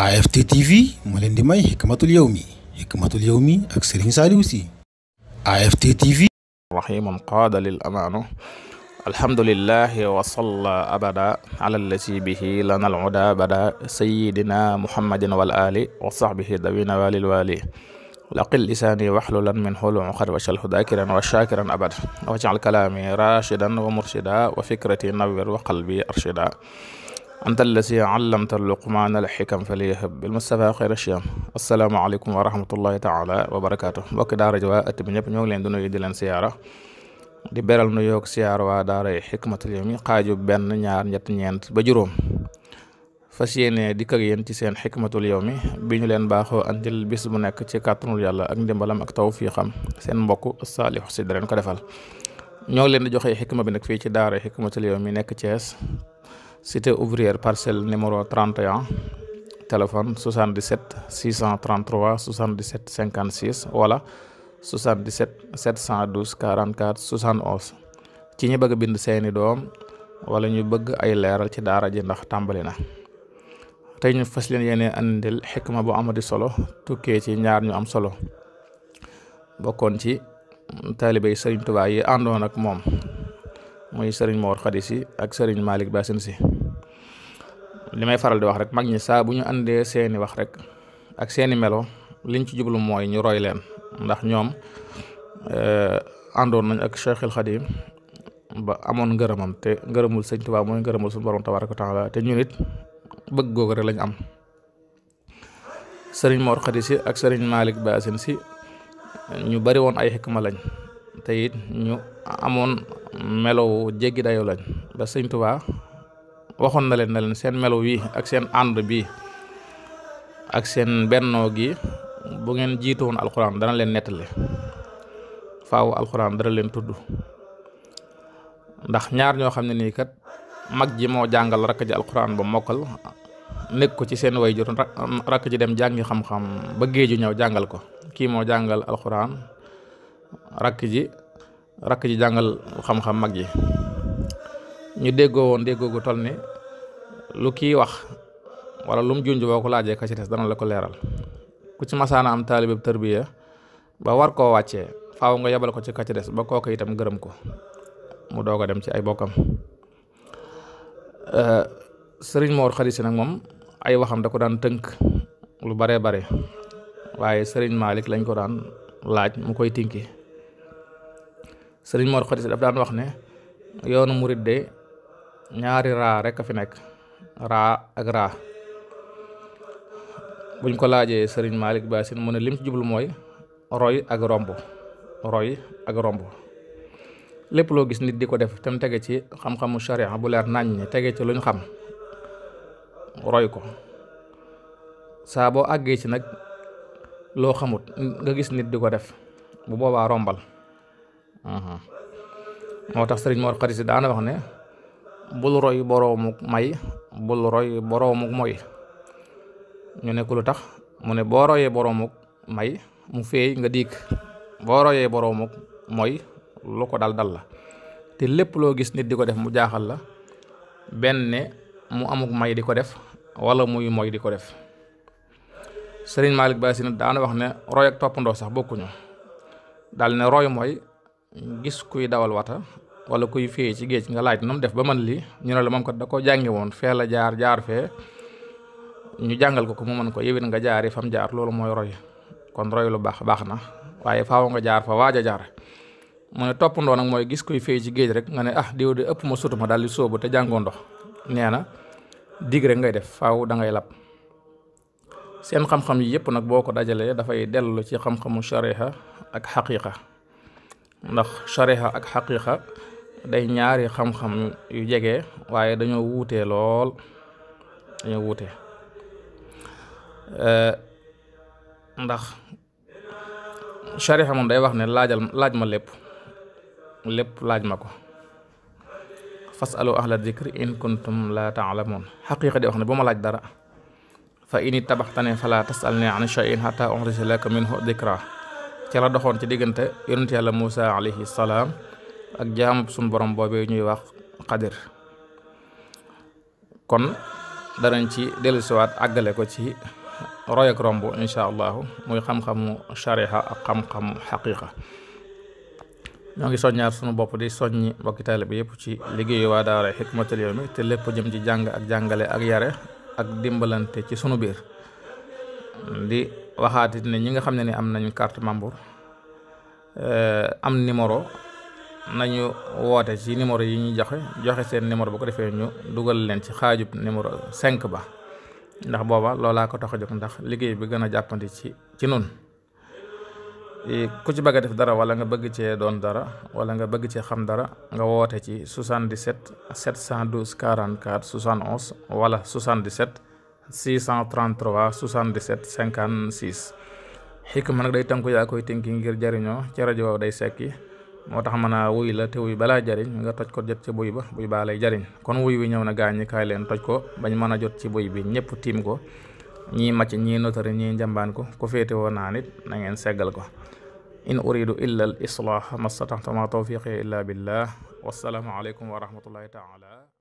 AFT TV moo leen di may Hikmatul Yawmi Hikmatul Yawmi ak Serigne Saliou Sy AFT TV rahiman qaada lil amaanu alhamdulillahi wa salla abada ala allati bihi lana al uda bada sayidina muhammadin wal ali wa sahbihi dawina walil wali laqil lisaani waxlulan min hulu uqad wacalhu dakiran wa shakiran abad wajcal kalaami rashidan wa murshida wa fikrati nawir wa qalbi arshida anta allasi allamta luqmaana alxikam fa liyahab bil mustafa xayra shiyam asalaamaaleykum wa rahmatullahi taala wa barakaatu mbokki daara ji waa ëtt bi ñëpp ñoo ngi leen di nuyu leen siyaara di beral nu yoog siyaar waa daara yi xikmatul yawmi xaaju benn ñaar ñett ñeent ba juróom fas yéene dikk ak yéen ci seen xikmatul yawmi bi ñu leen baaxoo andil bis bu nekk ci kàttanul yàlla ak ndimbalam ak tawfiixam seen mbokk Saliou Sy da leen ko defal ñoo leen di joxe xikma bi nag fii ci daara xikmatul yawmi nekk Thiès cité ouvrière parcelle numéro 31 téléphone 77 633 77 56 wala 77 712 44 71 ci ñi bëgg bind seeni doom wala ñu bëgg ay leeral ci daara ji ndax tàmbali na tey ñu fas leen yéene andil xikma bu amati solo tukkee ci ñaar ñu am solo bokkoon ci taalibe yi sëriñ Tuubaa yi àndoon ak moom muy sëriñ Mor Khady si ak sëriñ Malick Bassine si li may faral di wax rek mag ñi saa bu ñu àndee seeni wax rek ak seeni melo liñ ci jublu mooy ñu roy leen ndax ñoom eh, àndoon nañ ak Cheikhul Xadim ba amoon ngërëmam te ngërëmul sëñ Tuubaa mooy ngërëmul suñu borom tabaaraka taala te ñun it bëgg googu rek lañ am sëriñ Mor Khady si ak sëriñ Malick Basin si ñu bari woon ay xikma lañ te ñu amoon melowu jéggi dayo lañ ba sëñ waxoon na leen na seen melo wi ak seen ànd bi ak seen bennoo gi bu ngeen jiitoon alxuraan dana leen nettali faaw alxuraan dana leen tudd ndax ñaar ñoo xam ne nii kat mag ji moo jàngal rakk ji alxuraan ba mokkal nekk ko ci seen wayjur rakk ji dem jàngi xam-xam ba géeju ñëw jàngal ko kii moo jàngal alxuraan rakk ji rakk ji jàngal xam-xam mag ji ñu déggoo woon déggoo gu toll ni lu kii wax wala lu mu junj ko laajee ka ci des dana la ko leeral ku ci masaana am taalibe tërbiya ba war koo wàccee faaw nga yebal ko ci ka des ba kooku itam gërëm ko mu doog a dem ci ay bokkam euh, sëriñ Mor Khary Sy moom ay waxam da ko daan tënk lu baree bare waaye sëriñ Malick lañ ko daan laaj mu koy tinki sëriñ Mor Khary Sy daf daan wax ne yoonu murid de ñaari raa rek a fi nekk raa ak raa buñ ko laajee sëriñ Malick Bassine mu ne lim jublu mooy roy ak romb roy ak romb lépp loo gis nit di ko def tam tege ci xam-xamu sharia bu leer naññ tege ci luñ xam roy ko saa boo àggee ci nag loo xamut nga gis nit di ko def bu boobaa rombal moo tax sëriñ Mor Xarit si daana wax ne bul roy boroomuk may bul roy boroomuk moy ñu ne ko lu tax mu ne boo royee boroomuk may mu feey nga diig boo royee boroomuk mooy lu ko dal dal la te lépp loo gis nit di ko def mu jaaxal la benn mu amuk may di ko def walla muy moy di ko def sëriñ Malick Ba si daana wax ne roy ak toppandoo sax bokkuñu dal ne roy mooy gis kuy dawal wata wala kuy fee ci géej nga laaj na mu def ba man li ñu ne la moom kat da ko jànge woon fee la jaar jaar fee ñu jàngal ko ko mu ko yëwén nga jaari fam jaar loolu mooy roy kon roy lu baax baax na waaye faaw nga jaar fa waaj a jaar mu ne toppandoo nag mooy gis koy fee ci géej rek nga ne ah diw de ëpp ma sutu ma daal di sóobu te jàngoo nee na dig ngay def faaw da lab seen xam yi yëpp nag boo ko dajalee dafay dellu ci xam-xamu shariha ak xaqiqa ndax shariha ak xaqiqa day ñaari xam-xam yu jege waaye dañoo wuutee lool dañoo wuute eh, ndax sharixa moom day wax ne laajal laaj ma lépp lépp laaj ma ko fasalu ahla dikri in kuntum la taalamuun xaqiqa di wax ne bu ma laaj dara fa ini tabaxtane fala tasalni an shay'in hatta uxrija laka minhu dikra ci la doxoon ci diggante yonent yàlla Muusa alayhi ak jaamu suñu borom boobee ñuy wax xadir kon darañ ci dellusiwaat àggale ko ci roy ak romb incha allahu muy xam-xamu shariha ak xam-xamu xaqiqa ñoo ngi soññaar sunu bopp di soññi mbokki taalibe yëpp ci liggéeyu waa daara xikmatul yawmi te lépp jëm ci jàng ak jàngale ak yare ak dimbalante ci sunu biir di waxaatit ne ñi nga xam ne ni am nañu carte membre eh, am numéro nañu woote ci numéro yi ñu joxe joxe seen numéro bu ko defee ñu dugal leen ci xaajub numéro cinq ba ndax booba loolaa ko tax a jóg ndax liggéey bi gën a jàppandi ci ci nun ku ci bëgg a def dara wala nga bëgg cee doon dara wala nga bëgg cee xam dara nga woote ci 77 712 44 71 wala 77 633 77 56 xikma nag day tënku yaa koy tënki ngir jariñoo ci rajo day sekki moo tax mën a wuy la te wuy balaa jariñ nga toj ko jot ci buy ba buy baa lay jariñ kon wuy wi ñëw na gaañi leen toj ko bañ mën jot ci buy bi ñëpp tiim ko ñii macc ñii notari ñii njambaan ko ku féete woo naa nit na ngeen seggal ko in uridu illa al islah mastata'tu ma tawfiqi illa billah wassalaamu aleykum wa rahmatullahi taala